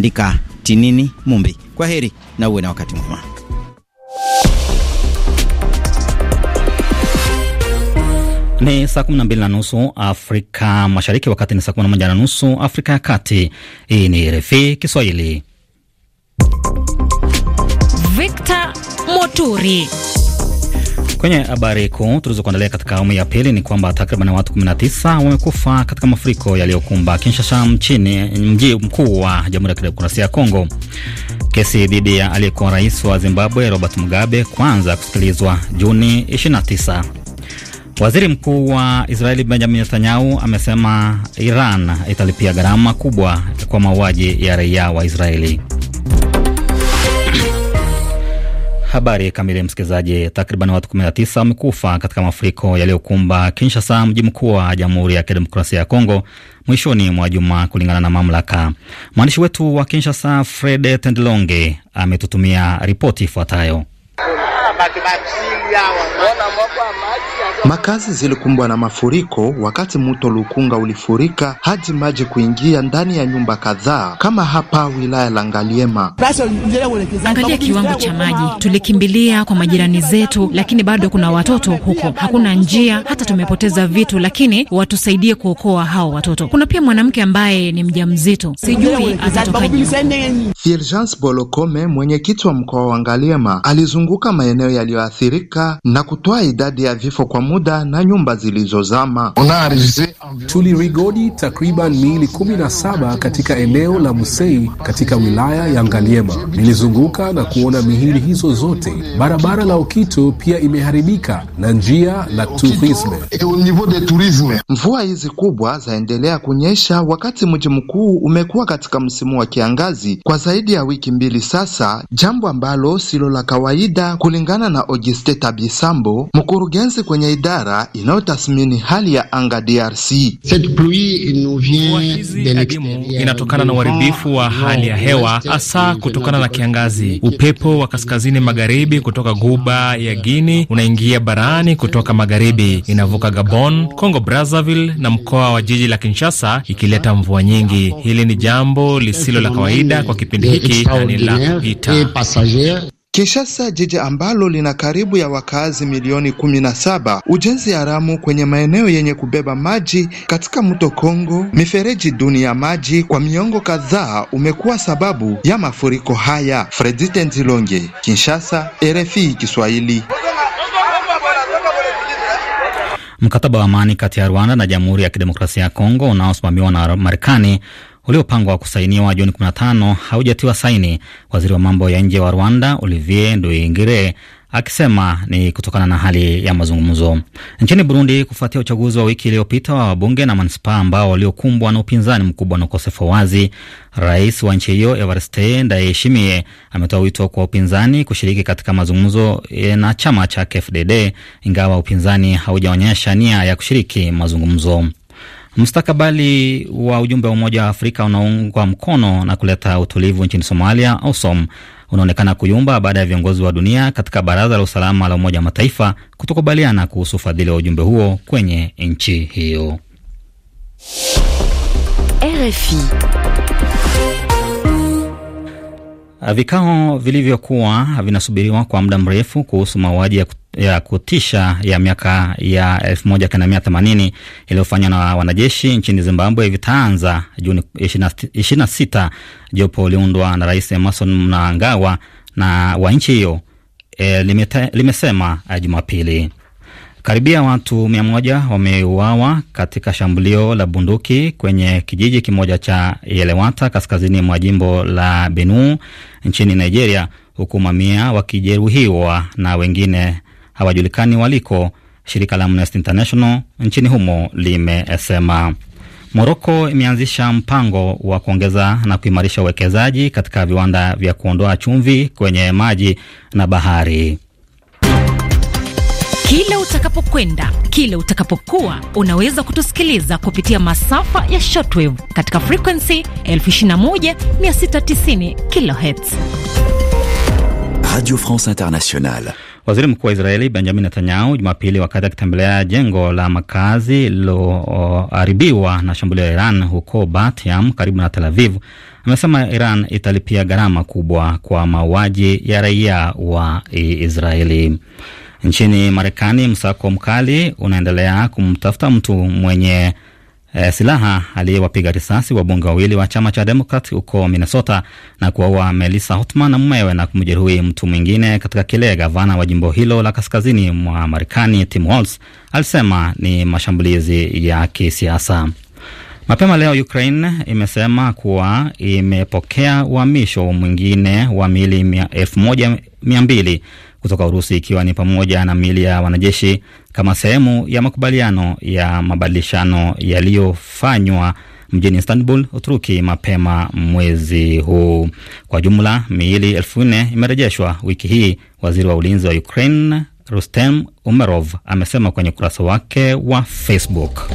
andika Tinini Mumbi. Kwa heri na uwe na wakati mwema. Ni saa kumi na mbili na nusu Afrika Mashariki, wakati ni saa kumi na moja na nusu Afrika ya Kati. Hii ni RFI Kiswahili. Victor Moturi Kwenye habari kuu tulizokuandalia katika awamu ya pili ni kwamba takriban watu 19 wamekufa katika mafuriko yaliyokumba Kinshasa, mchini mji mkuu wa Jamhuri ya Kidemokrasia ya Kongo. Kesi dhidi ya aliyekuwa rais wa Zimbabwe Robert Mugabe kwanza kusikilizwa Juni 29. Waziri Mkuu wa Israeli Benjamin Netanyahu amesema Iran italipia gharama kubwa kwa mauaji ya raia wa Israeli. Habari kamili, msikilizaji. Takriban watu 19 wamekufa katika mafuriko yaliyokumba Kinshasa, mji mkuu wa Jamhuri ya Kidemokrasia ya Kongo mwishoni mwa juma, kulingana na mamlaka. Mwandishi wetu wa Kinshasa, Fred Tendelonge, ametutumia ripoti ifuatayo. Makazi zilikumbwa na mafuriko wakati mto Lukunga ulifurika hadi maji kuingia ndani ya nyumba kadhaa kama hapa wilaya la Ngaliema. Angalia kiwango cha maji, tulikimbilia kwa majirani zetu, lakini bado kuna watoto huko, hakuna njia, hata tumepoteza vitu, lakini watusaidie kuokoa hao watoto. Kuna pia mwanamke ambaye ni mjamzito, sijui atatoka. Fulgence Bolokome, mwenyekiti wa mkoa wa Ngaliema, alizunguka maeneo maeneo yaliyoathirika na kutoa idadi ya vifo kwa muda na nyumba zilizozama. Tulirigodi takriban miili 17 katika eneo la Musei katika wilaya ya Ngaliema. Nilizunguka na kuona mihili hizo zote. Barabara la Okito pia imeharibika na njia la Turisme. Mvua hizi kubwa zaendelea kunyesha wakati mji mkuu umekuwa katika msimu wa kiangazi kwa zaidi ya wiki mbili sasa, jambo ambalo silo la kawaida kulingana Kulingana na Augustin Tabisambo, mkurugenzi kwenye idara inayotathmini hali ya anga DRC, inatokana na uharibifu wa hali ya hewa, hasa kutokana na kiangazi. Upepo wa kaskazini magharibi kutoka guba ya Guini unaingia barani kutoka magharibi, inavuka Gabon, Congo Brazzaville na mkoa wa jiji la Kinshasa, ikileta mvua nyingi. Hili ni jambo lisilo la kawaida kwa kipindi hiki na ni la kupita. Kinshasa, jiji ambalo lina karibu ya wakaazi milioni kumi na saba, ujenzi haramu kwenye maeneo yenye kubeba maji katika mto Kongo, mifereji duni ya maji kwa miongo kadhaa umekuwa sababu ya mafuriko haya. Fredite Nzilonge, Kinshasa, RFI Kiswahili. Mkataba wa amani kati ya Rwanda na Jamhuri ya Kidemokrasia ya Kongo unaosimamiwa na Marekani uliopangwa kusainiwa Juni 15 haujatiwa saini, waziri wa mambo ya nje wa Rwanda Olivier Nduhingire akisema ni kutokana na hali ya mazungumzo. Nchini Burundi, kufuatia uchaguzi wa wiki iliyopita wa wabunge na manispaa ambao waliokumbwa na upinzani mkubwa na ukosefu wa wazi, rais wa nchi hiyo Evariste Ndayishimiye ametoa wito kwa upinzani kushiriki katika mazungumzo na chama cha KFDD, ingawa upinzani haujaonyesha nia ya kushiriki mazungumzo mstakabali wa ujumbe wa Umoja wa Afrika unaungwa mkono na kuleta utulivu nchini Somalia, AUSOM, unaonekana kuyumba baada ya viongozi wa dunia katika Baraza la Usalama la Umoja wa Mataifa kutokubaliana kuhusu ufadhili wa ujumbe huo kwenye nchi hiyo. RFI. Eh, vikao vilivyokuwa vinasubiriwa kwa muda mrefu kuhusu mauaji ya kutisha ya miaka ya 1980 iliyofanywa na wanajeshi nchini Zimbabwe vitaanza Juni 26. Jopo liundwa na Rais Emerson Mnangagwa na wa nchi hiyo e, limesema eh, Jumapili. Karibia watu mia moja wameuawa katika shambulio la bunduki kwenye kijiji kimoja cha Yelewata kaskazini mwa jimbo la Benue nchini Nigeria, huku mamia wakijeruhiwa na wengine hawajulikani waliko, shirika la Amnesty International nchini humo limesema. Moroko imeanzisha mpango wa kuongeza na kuimarisha uwekezaji katika viwanda vya kuondoa chumvi kwenye maji na bahari. Kila utakapokwenda, kila utakapokuwa, unaweza kutusikiliza kupitia masafa ya shortwave katika frequency 21690 kHz. Radio France Internationale. Waziri Mkuu wa Israeli Benjamin Netanyahu Jumapili, wakati akitembelea jengo la makazi lililoharibiwa na shambulio la Iran huko batiam karibu na Tel Aviv, amesema Iran italipia gharama kubwa kwa mauaji ya raia wa Israeli. Nchini Marekani, msako mkali unaendelea kumtafuta mtu mwenye e, silaha aliyewapiga risasi wabunge wawili wa chama cha Demokrat huko Minnesota na kuwaua Melissa Hotman na mumewe na kumjeruhi mtu mwingine katika kile gavana wa jimbo hilo la kaskazini mwa Marekani Tim Walz alisema ni mashambulizi ya kisiasa. Mapema leo Ukraine imesema kuwa imepokea uhamisho mwingine wa miili elfu moja mia mbili kutoka Urusi, ikiwa ni pamoja na mili ya wanajeshi kama sehemu ya makubaliano ya mabadilishano yaliyofanywa mjini Istanbul, Uturuki, mapema mwezi huu. Kwa jumla miili elfu nne imerejeshwa wiki hii, waziri wa ulinzi wa Ukraine Rustem Umerov amesema kwenye ukurasa wake wa Facebook.